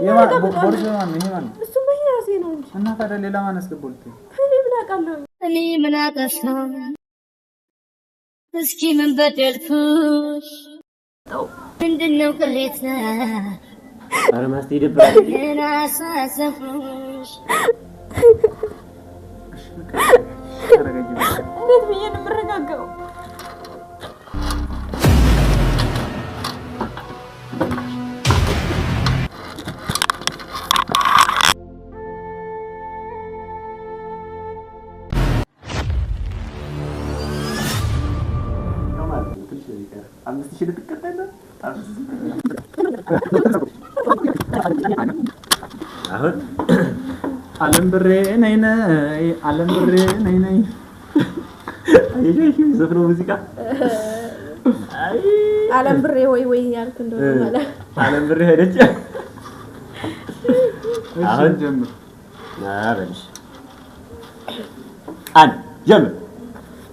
እኔ ምን አጠፋ? እስኪ ምን በደልኩሽ? ምንድን ነው ቅሌት? ምን አሳዘንኩሽ? እንዴት ብዬሽ ነው የምረጋጋው? አሁን አለም ብሬ ነይ ነይ አለም ብሬ ነይ ነይ የዘፍነው ሙዚቃ አለም ብሬ ወይ ወይ ያልክ እንደሆነ ማለት አለም ብሬ ሄደች። አሁን ጀምር አበልሽ አን ጀምር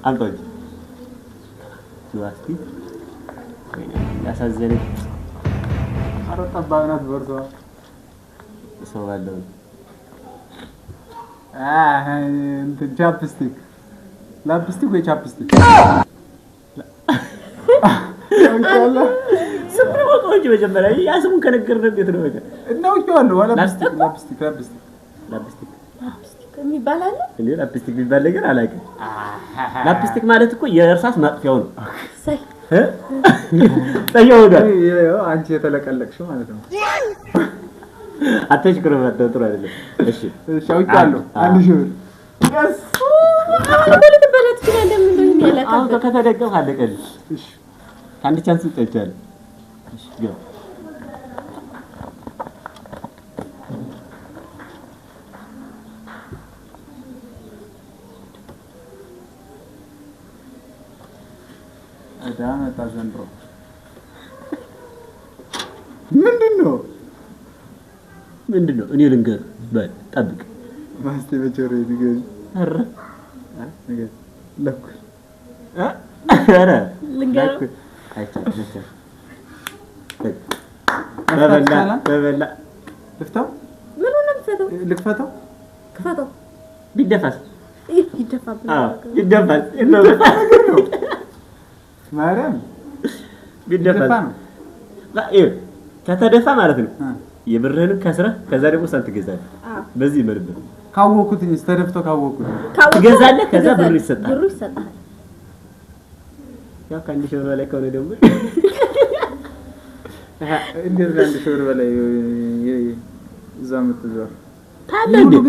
አንተ ወይ ዋስቲ ወይ ያሳዘነች አሮት ጠባብ ናት። በርቷል ሰው ባለው እንትን ቻፕስቲክ ላፕስቲክ ወይ ቻፕስቲክ ስቆች መጀመሪያ ያ ስሙን ከነገር እንዴት ነው ነገር እናውቀዋለሁ። ላፕስቲክ ላፕስቲክ ላፕስቲክ ላፕስቲክ የሚባል አለ። ላፕስቲክ የሚባል ነገር አላውቅም። ላፕስቲክ ማለት እኮ የእርሳስ ማጥፊያው ነው። ጸየውዳል አንቺ የተለቀለቅሽ ማለት ነው። አተሽ ቅርበት ጥሩ አይደለም። እሺ አንድ ሺህ ብር አለቀልሽ። ቻንስ ወዳ መጣ ዘንድሮ። ምንድን ነው ምንድን ነው? እኔ ልንገር በል ጠብቅ። ማስቴ በጆሮ ንገሪ። ኧረ ለኩ ኧረ ልንገር በበላ በበላ ልፍታው ልክፈተው ክፈተው ቢደፋስ ይደፋል ይደፋል ማርያም ቢደፋ ነው ከተደፋ ማለት ነው። የብርህን ከስረህ ከዛ ደግሞ ሳንት ትገዛለህ። በዚህ ይመርብህ ካወኩት ተደፍቶ ካወኩት ትገዛለህ። ከዛ ብሩ ይሰጣል። ብሩ ይሰጣል። ያው ከአንድ ሺህ ብር በላይ ከሆነ ደግሞ እንዴት ሺህ ብር በላይ እዛ የምትዞር ታለ ነው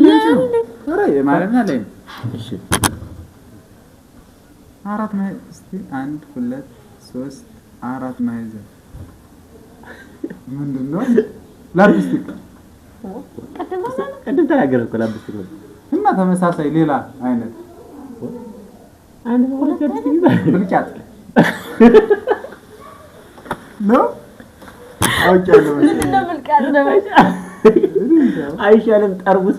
አራት ማይ እስቲ አንድ ሁለት ሶስት አራት ማዕዘን ምንድን ነው? ላፕስቲክ ቅድም ተናገረ እኮ ላፕስቲክ ነው እና ተመሳሳይ ሌላ አይነት ብልጫት ነው። አይሻልም? ጠርሙስ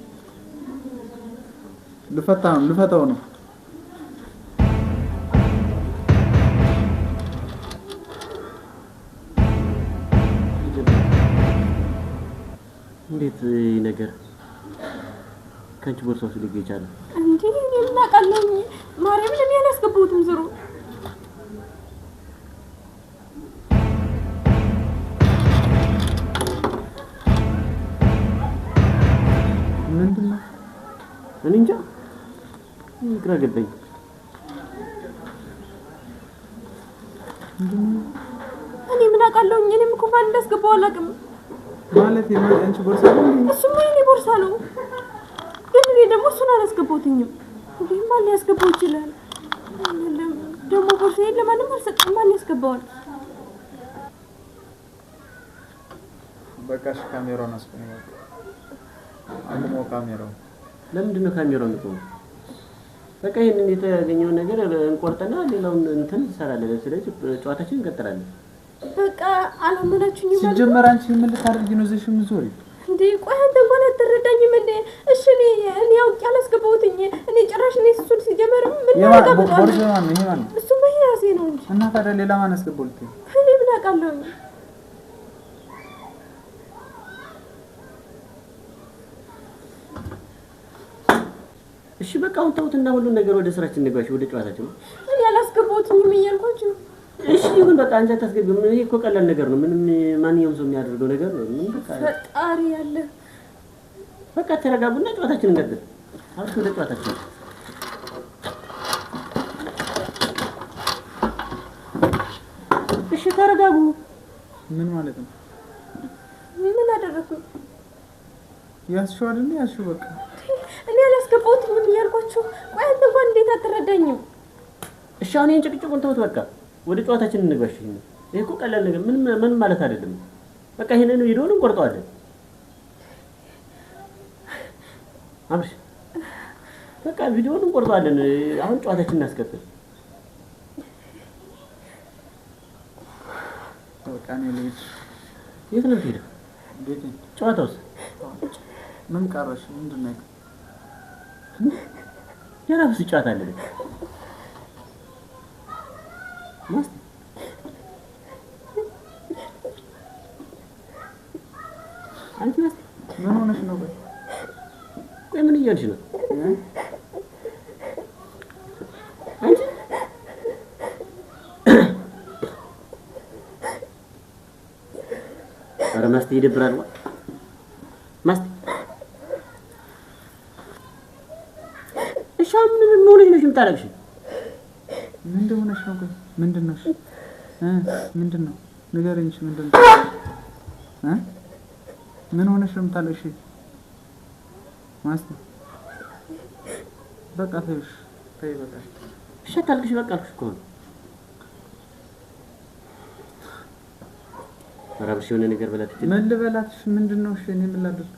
ልፈታ ነው ልፈታው ነው። እንዴት ነገር ከአንቺ ቦርሳ ውስጥ ሊገኝ ይቻላል እንዴ? እናቃለኝ ማርያም፣ ለምን ያላስገባሁትም ዝሩ ምንድን ነው እኔ እንጃ። ይቅረግብኝ። እኔ ምን አውቃለሁ? እኔም እኮ ማን እንዳስገባው አላውቅም። ማለት የማንቺ ቦርሳ ነው? እሱማ የእኔ ቦርሳ ነው፣ ግን እኔ ደግሞ እሱን አላስገባሁትኝም። እንዲህ ማን ሊያስገባው ይችላል? ደግሞ ቦርሳዬን ለማንም አልሰጥም። ማን ያስገባዋል? በቃሽ፣ ካሜራውን አስቆም። አቁሞ ካሜራውን። ለምንድን ነው ካሜራውን የሚቆመው? በቃ ይህንን የተገኘውን ነገር እንቆርጥና ሌላውን እንትን እንሰራለን። ስለዚህ ጨዋታችን እንቀጥላለን። በቃ አላመናችሁኝ። ሲጀመር አንቺ ምን ልታደርጊ ነው? ዘሽ ዞሪ እንዴ? ቆይ አንተ እንኳን አትረዳኝም ምን እሺ እኔ እኔ አውቄ አላስገባሁትኝ። እኔ ጭራሽ እኔ እሱን ሲጀመር ምን ያጋብቷል? ነው? ይሄ ራሴ ነው እና ታዲያ ሌላ ማን አስገባሁልኝ? እኔ ምን አውቃለሁ እሺ በቃ አሁን ተውትና ሁሉን ነገር ወደ ስራችን እንግባሽ፣ ወደ ጨዋታችን ነው። እኔ አላስገባሁትም እያልኳችሁ። እሺ ይሁን በቃ አንቺ አታስገቢም። ይሄ እኮ ቀላል ነገር ነው። ምንም ማንኛውም ሰው የሚያደርገው ነገር ነው። ምን በቃ ፈጣሪ ያለ በቃ ተረጋጉና ጨዋታችን እንቀጥል። አሁን ወደ ጨዋታችን እሺ ተረጋጉ። ምን ማለት ነው? ምን አደረኩኝ? ያስሽዋልና ያሽው በቃ እኔ አላስገባሁትም ብዬ አልኳችሁ። ቆይ አንተ እንኳን እንዴት አትረዳኝም? እሺ አሁን ይህን ጭቅጭቁን ተውት። በቃ ወደ ጨዋታችን እንግባሽ። ይሄ እኮ ቀላል ነገር ምን ምን ማለት አይደለም። በቃ ይሄንን ቪዲዮን እንቆርጠዋለን። አብርሽ በቃ ቪዲዮን እንቆርጠዋለን። አሁን ጨዋታችን እናስቀጥል። በቃ ነው ልጅ የት ነው ሄደው? ጨዋታውስ ምን ቀረሽ? ምንድን ነው የራሱ ጨዋታ አለ። ምን ሆነሽ ነው? ቆይ ምን እያልሽ ነው? ኧረ ማስቴ ይደብራል። ማስቴ የምታለቅሽ? ምንድን ሆነሽ ነው? ቆይ ምንድን ነሽ? ምንድን ነው? ንገሪኝ። እሺ ምንድን ነው? ምን ሆነሽ ነው የምታለቅሽ? ማስተ በቃ ተይሽ፣ ተይ በቃ እሺ። አታልቅሽ፣ በቃ አልኩሽ እኮ ነው። የሆነ ነገር በላት። ምን ልበላት? ምንድን ነው? እሺ እኔ ምን ላድርግ?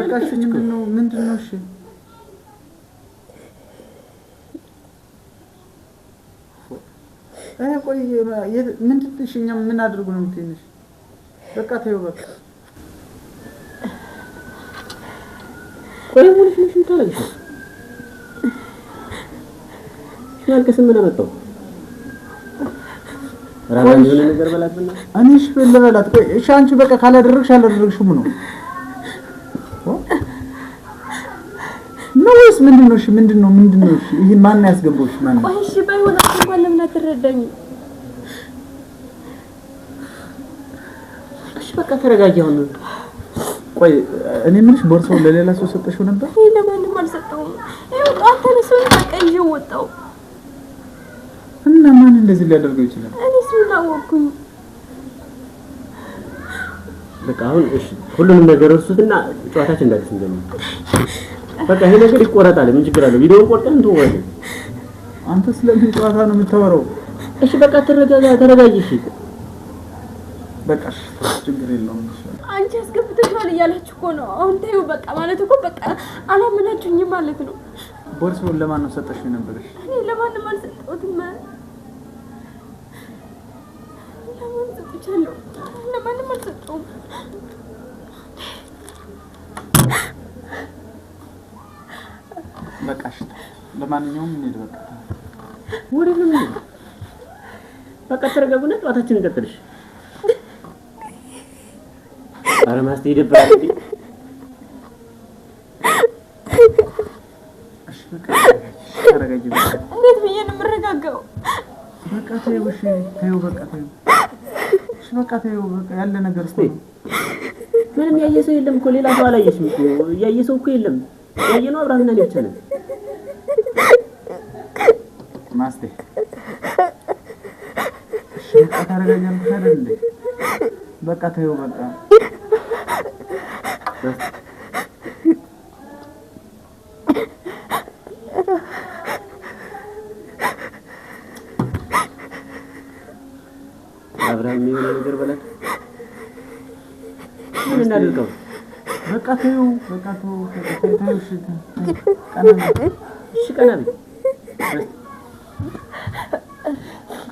በቃ እሺ ምንድን ነው? ምንድን ነው? እሺ ቆይ ምንድን ትንሽ እኛ ምን አድርጉ ነው የምትይንሽ? በቃ ተይው በቃ ቆይ ሙልሽ ምንሽ ምታለሽ? ያልከስ ምን አመጣው? ራባን ምን ነገር በላት ብና አንሽ በላት። ቆይ እሺ አንቺ በቃ ካላደረግሽ አላደረግሽም ነው ነው ወይስ ምንድን ነው? እሺ ምንድን ነው? ምንድን ነው? እሺ ይሄ ማን ያስገባው? እሺ ማን ነው? እሺ ባይሆን እንኳን ለምን አትረዳኝ? እሺ በቃ ተረጋጊ። አሁን ቆይ እኔ የምልሽ ቦርሳውን ለሌላ ሰው ሰጠሽው ነበር? እኔ ለማንም አልሰጠውም። ይሄው አንተ ተነስቶ በቃ ይዤው ወጣሁ። እና ማን እንደዚህ ሊያደርገው ይችላል? እኔ ምን አወኩኝ? በቃ አሁን እሺ ሁሉንም ነገር እርሱትና ጨዋታችን እንዳዲስ እንጀምር። በቃ ሄደ ነገር ይቆረጣል። ምን ችግር አለው? ቪዲዮውን ቆርጠን እንትን ወረደ። አንተ ስለምን ጨዋታ ነው የምታወራው? እሺ በቃ ተረጋጋ፣ ተረጋጊ። እሺ በቃ ችግር የለውም። አንቺ አስገብተሽዋል እያላችሁ እኮ ነው። አሁን ተይው በቃ ማለት እኮ በቃ አላመናችሁኝም ማለት ነው። ቦርሳውን ለማን ነው ሰጠሽው የነበረሽ? እኔ ለማንም አልሰጠሁትም። ለማንም ሰጥቻለሁ፣ ለማንም አልሰጠሁም። በቃ ለማንኛውም እንሂድ። በቃ ወደ ነው በቃ ተረጋጉና እንቀጥልሽ። ኧረ ማስቴ ይደብራል። እሺ በቃ ተረጋጊ። እንዴት ነው የምረጋጋው? በቃ ተይው፣ እሺ ተይው፣ በቃ ተይው፣ እሺ በቃ ተይው፣ በቃ ያለ ነገር እስኪ ምንም ያየ ሰው የለም እኮ ሌላ ሰው አላየሽም እኮ ያየ ሰው እኮ የለም። ያየነው አብራትና ነው ብቻ ማስቴ በቃ ተይው፣ በቃ አብረን የሚሆነ ነገር በላት። ምን እናደርገው? በቃ ተይው፣ በቃ ተይው፣ ተይው። እሺ ቀና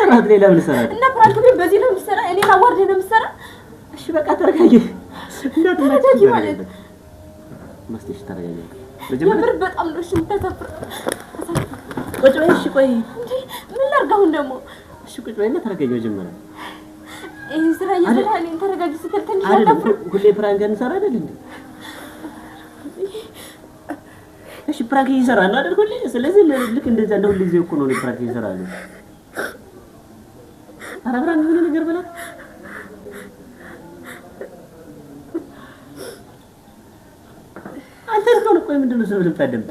ሰራት ሌላ ምን ሰራት እና ፕራንክ ግን በዚህ ነው የሚሰራ እኔ ወርድ ነው የሚሰራ። እሺ በቃ ተረጋጊ። ተረጋጊ ማለት ተረጋጊ። የምር በጣም ነው እሺ። ተሰፍር ቁጭ በይ። እሺ ቆይ ምን ላድርግ አሁን ደግሞ? እሺ ቁጭ በይ እና ተረጋጊ። መጀመሪያ ይሄ ስራ እየተላለ ተረጋጊ ስትል ትንሽ አላፍር። ሁሌ ፕራንክ እንሰራ አይደል እንዴ? እሺ ፕራንክ እየሰራ ነው አይደል ሁሌ። ስለዚህ ልክ እንደዛ እንደ ሁሌ ጊዜ እኮ ነው ፕራንክ እየሰራ ነው ኧረ ብርሃን የሆነ ነገር በላት። አንተ እስካሁን ቆይ ምንድን ነው ስለ ልታደምጥ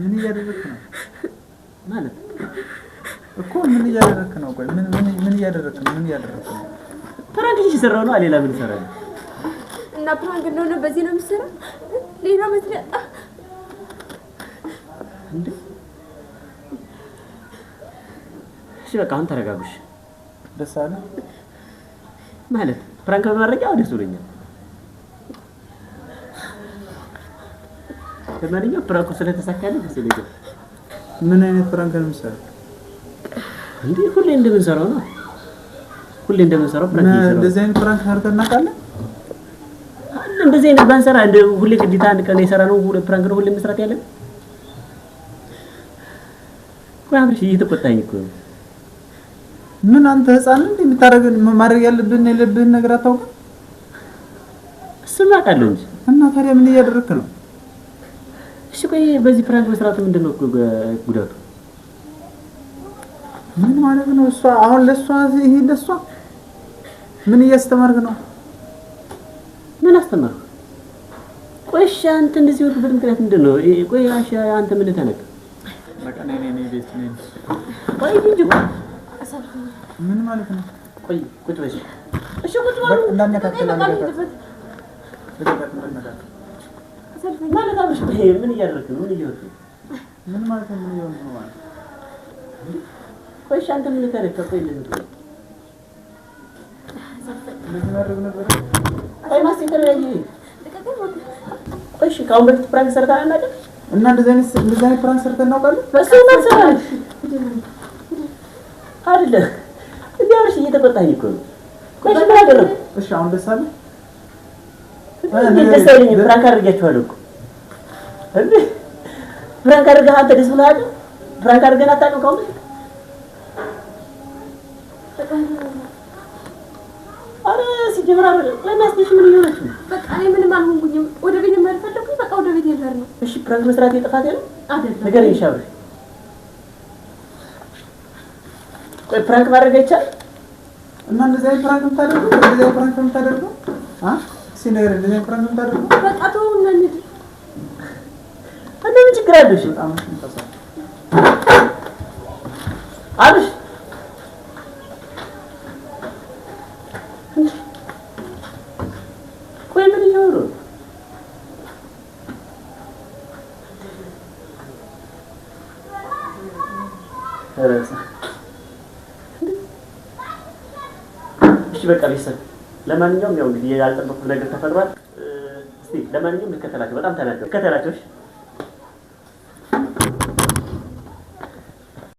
ምን እያደረግክ ነው ማለት እኮ ምን እያደረግክ ነው? ቆይ ምን ምን ምን እያደረግክ ነው? ምን እያደረግክ ነው? ፕራንክ እየሰራሁ ነው። ሌላ ምን ሰራ እና ፕራንክ እንደሆነ በዚህ ነው የምሰራው። ሌላ መስሪያ እንዴ እሺ በቃ አሁን ተረጋጉሽ። ደስ አለ ማለት ፕራንክ በማድረግ ያው ደስ ብሎኛል። ለማንኛውም ፕራንኩ ስለተሳካለ ደስ ብሎኛል። ምን አይነት ፕራንክ ነው የምትሰራው? እንዴ ሁሌ እንደምንሰራው ነው። ሁሌ እንደምንሰራው ፕራንክ ነው። እንደዚህ አይነት ፕራንክ ሰርተን እናውቃለን? እንደዚህ አይነት ባንሰራ እንደ ሁሌ ግዴታ አንድ ቀን የሰራ ነው ፕራንክ ነው ሁሌ መስራት ያለን። ቆይ አብርሽ እየተቆጣኝ እኮ ነው ምን አንተ ህፃን እንዴ የምታደርግ ማድረግ ያለብህን የለብህን ነገር አታውቅም። እሱማ አውቃለሁ እንጂ እና ታዲያ ምን እያደረግክ ነው? እሺ ቆይ በዚህ ፕራንክ መስራት ምንድን ነው ጉዳቱ? ምን ማለት ነው? እሷ አሁን ለእሷ ይሄ ለእሷ ምን እያስተማርክ ነው? ምን አስተማርክ? ቆይ እሺ አንተ እንደዚህ ወጥበት ምክንያት ምንድን ነው? ቆይ አንተ ምን ተነቀ? በቃ ነኝ ነይ ቤት ነኝ። ቆይ እንጂ ምን ማለት ነው? ቆይ ቁጭ በይ። እሺ ቁጭ በሉ። እንዳነካከል ምን እያደረክ ነው? ምን እየሆንክ ምን ማለት ነው? ምን እየሆንክ ነው ማለት ቆይ እሺ፣ አንተ ምን ተረካ? ቆይ ልንብ ልትመርብ ነበር። ቆይ ማስ የተለያየ እሺ፣ ከአሁን በፊት ፕራንክ ሰርተን አናውቅም እና እንደዚህ አይነት ፕራንክ ሰርተን እናውቃለን። እሱ ሰርተናል አይደለ እንዴ? አርሽ እየተቆጣኝ እኮ ነው። ቆይ ምን አደረኩ? እሺ አሁን ደስ አለ? ደስ ፍራንክ አድርጌያቸዋለሁ እኮ እንዴ። ፍራንክ አድርገህ አንተ ደስ ፍራንክ አድርገን አታውቅም ከሆነ ለማስተሽ ምን ይሆናል? በቃ ምንም አልሆንኩኝም። ወደ ቤት የማልፈልኩኝ በቃ ወደ ቤት የለር ነው። እሺ ፕራንክ መስራት የጥፋት የለም ነገር ይሻላል ቆይ ፕራንክ ማድረግ አይቻልም እና እንደዚህ አይነት ፕራንክ የምታደርገው እንደዚህ አይነት ፕራንክ አ እንደዚህ አይነት ፕራንክ የምታደርገው በቃ ተው እና እንሂድ። ችግር አለሽ? በጣም አብሽ ይሰጥ። ለማንኛውም ያው እንግዲህ ያልጠበቁት ነገር ተፈጥሯል። እስቲ ለማንኛውም ልከተላቸው። በጣም ተናደው ልከተላቸው።